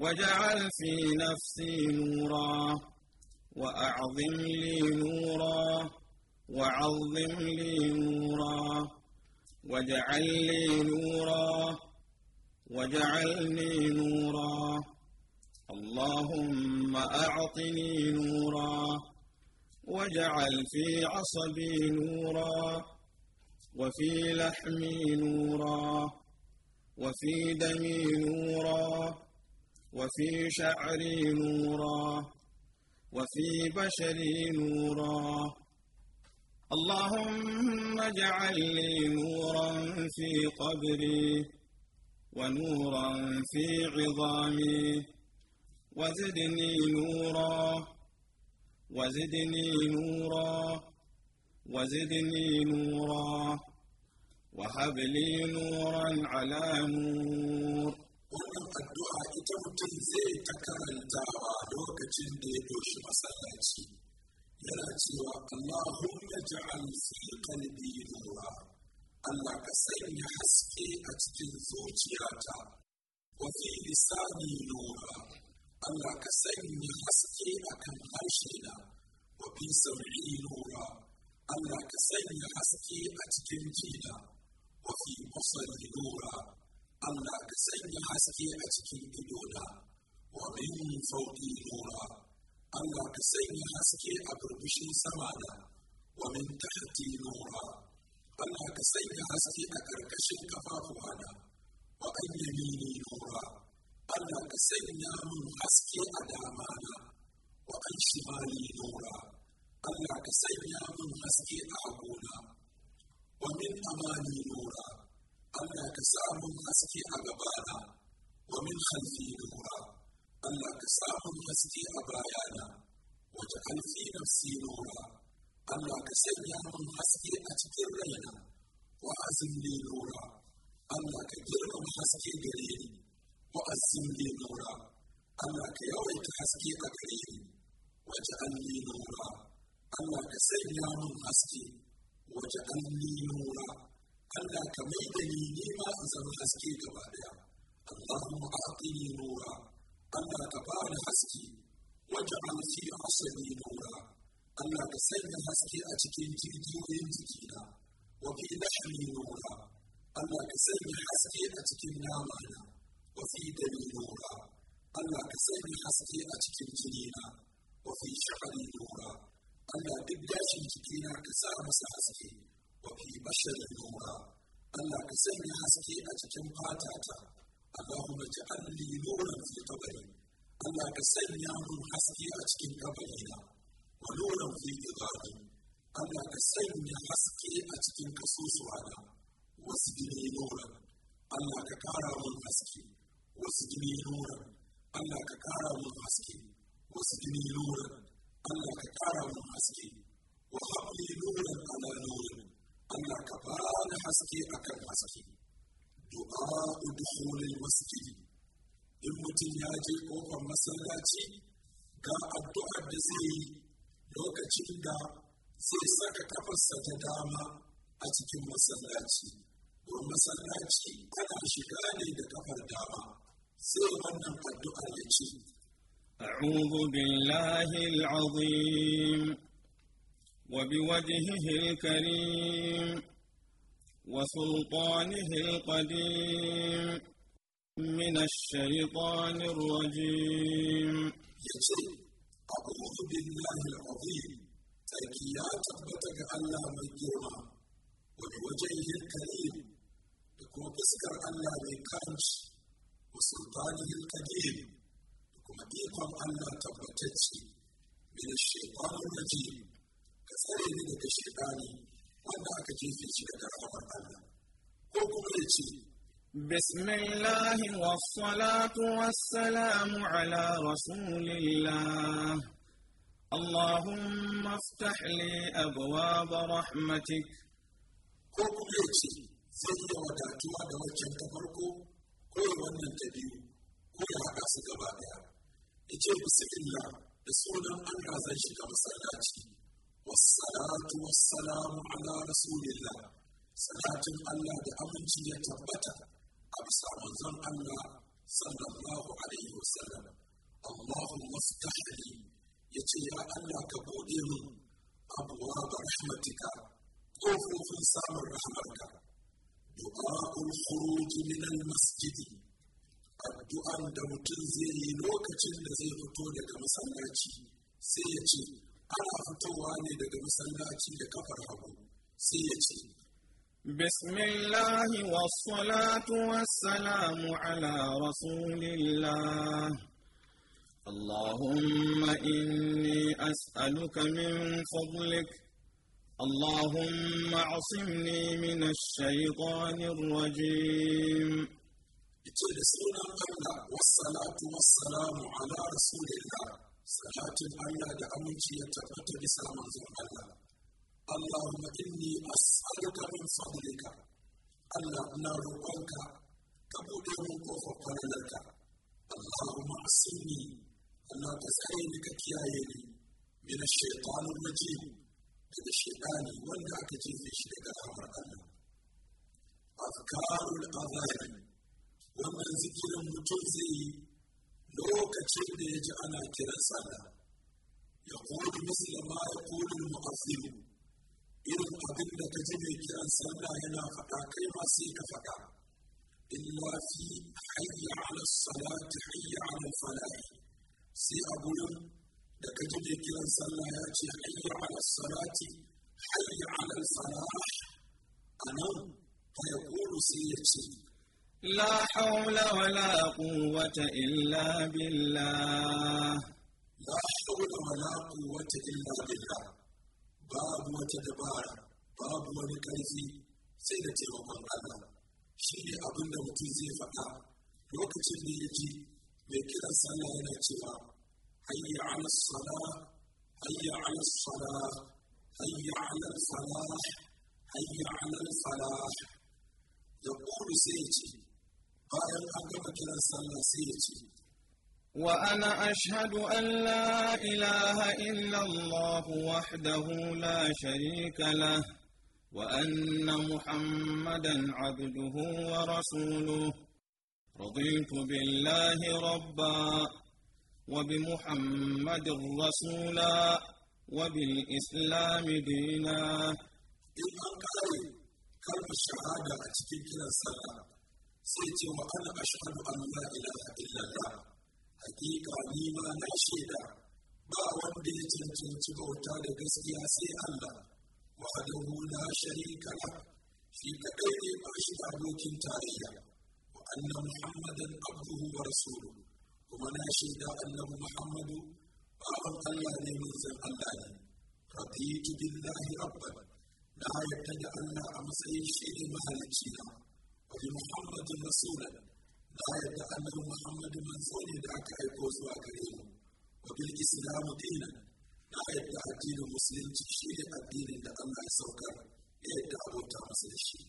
واجعل في نفسي نورا وأعظم لي نورا وعظم لي نورا واجعل لي نورا واجعلني نورا اللهم أعطني نورا واجعل في عصبي نورا وفي لحمي نورا وفي دمي نورا وفي شعري نورا وفي بشري نورا اللهم اجعل لي نورا في قبري ونورا في عظامي وزدني نورا وزدني نورا وزدني نورا وهب لي نورا على نور ita mutum zai ta karantawa lokacin da ya doshi masallaci yana cewa Allahumma ja'al fi qalbi nura Allah ka sanya haske a cikin zuciyata wa fi lisani nura Allah ka sanya haske a kan harshena wa fi sam'i nura Allah ka sanya haske a cikin jina wa fi basari nura Allah ka sanya haske a cikin idona wa min fawqi nura Allah ka sanya haske a burbushin samana wa min tahti nura Allah ka sanya haske a karkashin kafafuwana wa an yamini nura Allah ka sanya min haske a damana wa an shimali nura Allah ka sanya min haske a gona wa min amani nura Allah ka samun haske a gabana wa min khalfi nura Allah ka samun haske a bayana wa ja'al fi nafsi nura Allah ka sanya mun haske a cikin raina wa azimni nura Allah ka girmama haske gare ni wa azimni nura Allah ka yawaita haske a gare ni wa ja'alni nura Allah ka sanya mun haske wa ja'alni nura أنا كميتني نيما أنسان حسكيت بعدها اللهم أعطني نورا أنا تبان حسكي واجعل في عصري نورا أنا تسلم حسكي أتكين تيدي وينتكينا وفي لحمي نورا أنا تسلم حسكي أتكين نامانا وفي دمي نورا أنا تسلم حسكي أتكين تنينا وفي شعري نورا أنا بداش تكينا كسامس حسكي wa fi basharin nura Allah ka sanya haske a cikin fatata Allahumma ja'alni nuran fi qabri Allah ka sanya mun haske a cikin kabarina wa nuran fi qibari Allah ka sanya haske a cikin kasusuwana wasu gine nuran Allah ka kara mun haske wasu gine nuran Allah ka kara mun haske wasu gine nuran Allah ka kara mun haske wa habli nuran ala nuran Allah ka ba da haske akan haske du'a udkhul masjid in mutum ya je kofar masallaci ga addu'ar da zai yi lokacin da zai saka kafarsa ta dama a cikin masallaci don masallaci ana shiga ne da kafar dama sai wannan addu'ar ya ce أعوذ بالله العظيم وبوجهه الكريم وسلطانه القديم من الشيطان الرجيم أعوذ بالله العظيم تركيا أبتك الله مجيوما وبوجهه الكريم لكم بسكر الله بكانش وسلطانه القديم لكم إيقام الله تبتك من الشيطان الرجيم ka tsare ni daga shaitani wanda aka jefe shi daga rahamar Allah ko kuma ya ce بسم الله والصلاة والسلام على رسول الله اللهم افتح لي أبواب رحمتك بسم الله والصلاة والسلام على رسول الله صلاة الله بأمنش يتبت أبسع وزن الله صلى الله عليه وسلم اللهم افتح لي يتي يا الله كبودين أبواب رحمتك قفوف سام رحمتك دعاء الخروج من المسجد الدعاء دمتن زي لوكة زي فتولك مسلاتي سيتي ana fitowa ne daga masallaci da kafar hagu sai ya ce بسم الله والصلاة والسلام على رسول الله اللهم إني أسألك من فضلك اللهم عصمني من الشيطان الرجيم والصلاة والسلام على رسول الله salatin Allah da aminci ya tabbata bisa manzon Allah Allahumma inni as'aluka min fadlika Allah na roƙonka ka buɗe min kofar falalarka Allahumma asini Allah ka tsare ni ka kiyaye ni min shaitanir rajim daga shaitani wanda aka jefe shi daga ramar Allah azkarul azhari wannan zikirin mutum zai yi lokacin da ya ji ana kiran sallah ya kodi musulma ya kodi mu'azzimu irin abin da ka ji mai kiran sallah yana faɗa kai ma sai ka faɗa illa fi hayya ala salati hayya ala falahi sai a gurin da ka ji mai kiran sallah ya ce hayya ala salati hayya ala falah a nan fa ya sai ya ce لا حول ولا قوة إلا بالله لا حول ولا قوة إلا بالله باب وتدبار باب ونكرزي سيدة يوم الله شيء أبن متيزي فتا وقت اللي يجي بكذا صلى ناتفا هيا على الصلاة هيا على الصلاة هيا على الفلاح هيا على الفلاح يقول سيدي وأنا أشهد أن لا إله إلا الله وحده لا شريك له وأن محمدا عبده ورسوله رضيت بالله ربا وبمحمد رسولا وبالإسلام دينا إذا قال الشهادة أتكي كلا sai ce wa ana ashhadu an la ilaha illallah hakika ni ma na shaida ba wanda ya cancanci bauta da gaskiya sai Allah wahdahu la sharika la shi kadai ne ba shi da abokin tarayya wa anna muhammadan abduhu wa rasuluhu kuma na shaida annabi muhammadu bawan Allah ne manzon Allah ne raditu billahi rabban na yarda da Allah a matsayin shi ne mahalicci na وبمحمد رسولا لا يتأمل محمد منزول ذاك يكوز وكريم وبالإسلام دينا لا يدعى الدين المسلم تشير الدين عند الله سوكا يدعو بوتا مسلشي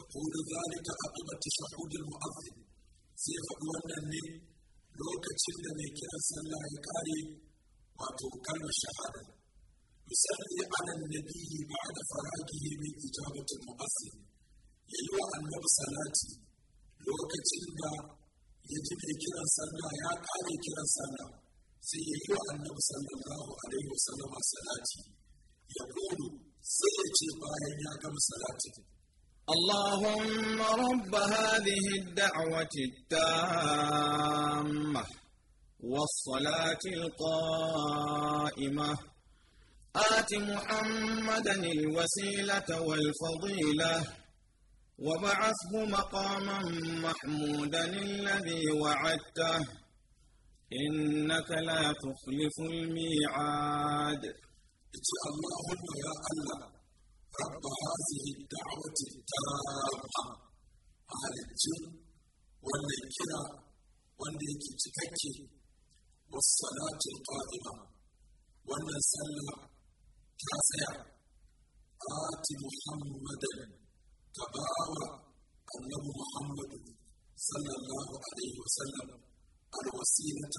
يقول ذلك عقب التشهد المؤذن سيف أولني lokacin da mai kiran sallah ya kare wato kalmar shahada misali alan nabiyyi ba'da faragihi min ijabatil ya yi wa annabi salati lokacin da ya ji mai kiran sallah ya kare kiran sallah sai ya yi wa annabi sallallahu alaihi wasallama salati ya kulu sai ya ce bayan ya gama salati اللهم رب هذه الدعوة التامة والصلاة القائمة آت محمدا الوسيلة والفضيلة وبعثه مقاما محمودا الذي وعدته إنك لا تخلف الميعاد إتي اللهم يا الله رب هذه الدعوة التامة على الجن والذكرى والذكر والصلاة القائمة والنسلة كاسع آت محمدا تباوى أنه محمد صلى الله عليه وسلم الوسيلة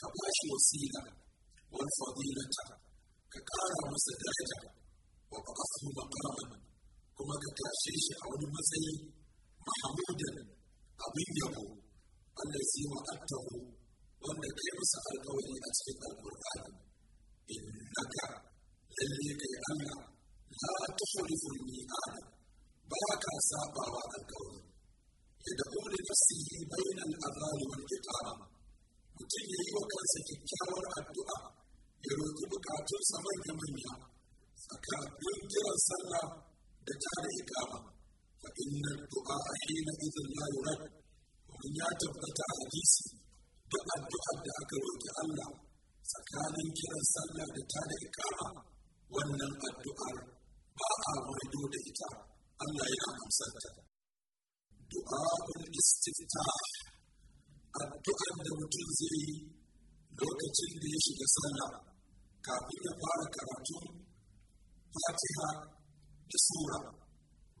كباش وسيلة والفضيلة كقارة مسدرجة وبقصه مقاما كما كتاشيش أو المسي محمودا أبيه الذي وأنته وأن كيمس القول أسفل القرآن إنك للي أنا لا تخلف الميعاد باكى ساقا الكون يدعو لنفسه بين الاغلال والقطاره mutum ya yi wa kansa kyakkyawar addu'a ya roƙi bukatunsa manya manya tsakanin kiran sallah da ta da ikama fa inna du'a a hina idan la yurad mun ya tabbata a hadisi duk addu'ar da aka roƙi Allah tsakanin kiran sallah da ta da ikama wannan addu'ar ba a maido da ita Allah yana amsarta du'a'ul istiftah addu'ar da mutum zai yi lokacin da ya shiga sallah kafin ya fara karatun fatiha da sura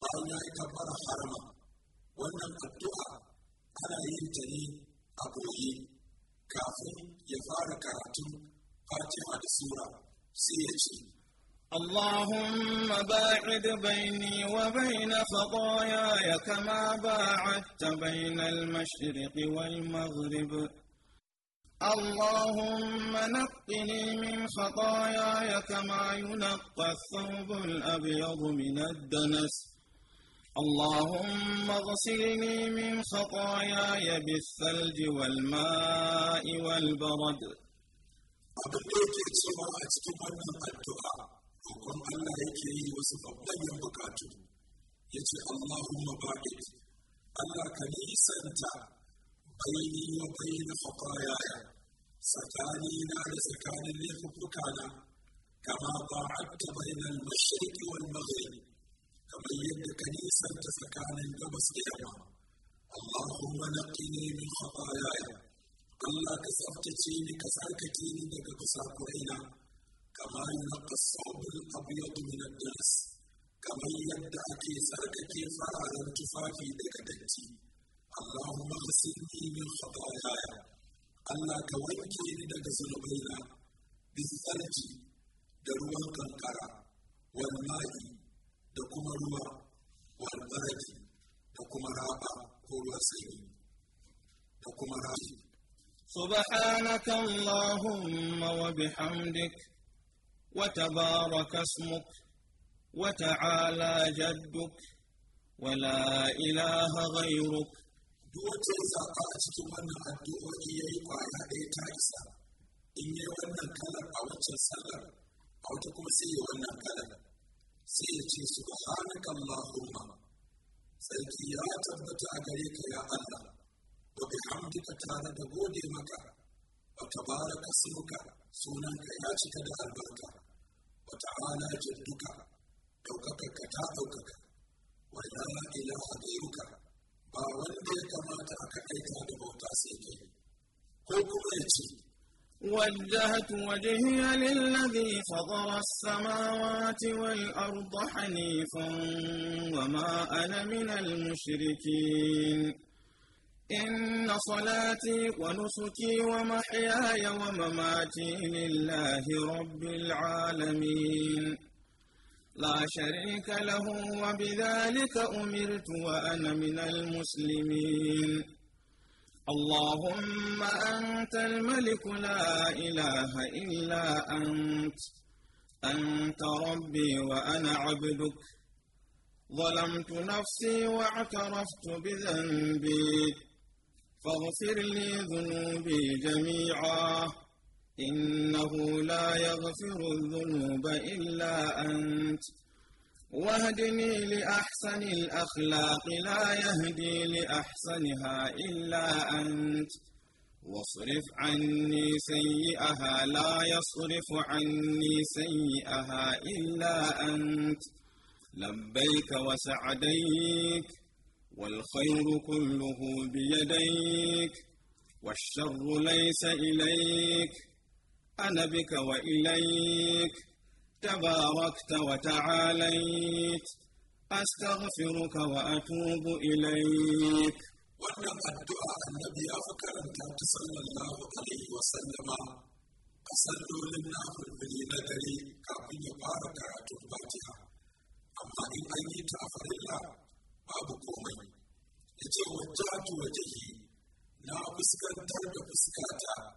bayan ya yi kafara harama wannan addu'a ana yin ta ne a goyi kafin ya fara karatun fatiha da sura sai ya ce اللهم باعد بيني وبين خطاياي كما باعدت بين المشرق والمغرب اللهم نقني من خطاياي كما ينقى الثوب الابيض من الدنس اللهم اغسلني من خطاياي بالثلج والماء والبرد roƙon Allah yake yi wasu babban bukatu ya ce Allahumma ba'id Allah ka nisanta baini wa baina khatayaya na da tsakanin laifuffukana kama ba'adta baina al-mashriq wal maghrib kamar yadda ka nisanta tsakanin gabas da yamma Allahumma naqini min khatayaya Allah ka tsaftace ni ka tsarkake ni daga kusa kusakuraina كما ينقى الثوب الأبيض من الدنس كما يدعى كيفك كيف على تفافي دكتتي اللهم اغسلني من خطاياي Allah ka wanke ni daga zunubaina bisarki da ruwan kankara wal ma'i da kuma ruwa wal baraki da kuma raba ko ruwan sanyi da kuma rafi subhanaka allahumma wa bihamdika وتبارك اسمك وتعالى جدك ولا إله غيرك دوتي زاقا cikin wannan addu'o'i yayi kwaya ɗaya ta isa in yi wannan kalar a wancan sallar a wata kuma sai yi wannan kalar sai ya ce subhanaka allahumma sarki ya tabbata a gare ka ya Allah wa bihamdika tare da gode maka wa tabaraka sunuka sunanka ya cika da albarka wa ta'ala jadduka ɗaukakarka ta ɗaukaka wa la ilaha ghayruka ba wanda ya kamata a kaɗaita da bauta sai kai ko kuma ya ce وجهت وجهي للذي فطر السماوات والأرض حنيفا وما أنا من المشركين إن صلاتي ونسكي ومحياي ومماتي لله رب العالمين لا شريك له وبذلك أمرت وأنا من المسلمين اللهم أنت الملك لا إله إلا أنت أنت ربي وأنا عبدك ظلمت نفسي واعترفت بذنبي فاغفر لي ذنوبي جميعا إنه لا يغفر الذنوب إلا أنت واهدني لأحسن الأخلاق لا يهدي لأحسنها إلا أنت واصرف عني سيئها لا يصرف عني سيئها إلا أنت لبيك وسعديك والخير كله بيديك والشر ليس إليك أنا بك وإليك تباركت وتعاليت أستغفرك وأتوب إليك وإنما الدعاء الذي أفكر أن صلى الله عليه وسلم أصدوا لنا المدينة لي كابين بارك أتوباتها أما إن أيت أفضل الله babu komai ya ce wajjatu wajahi na fuskantar da fuskata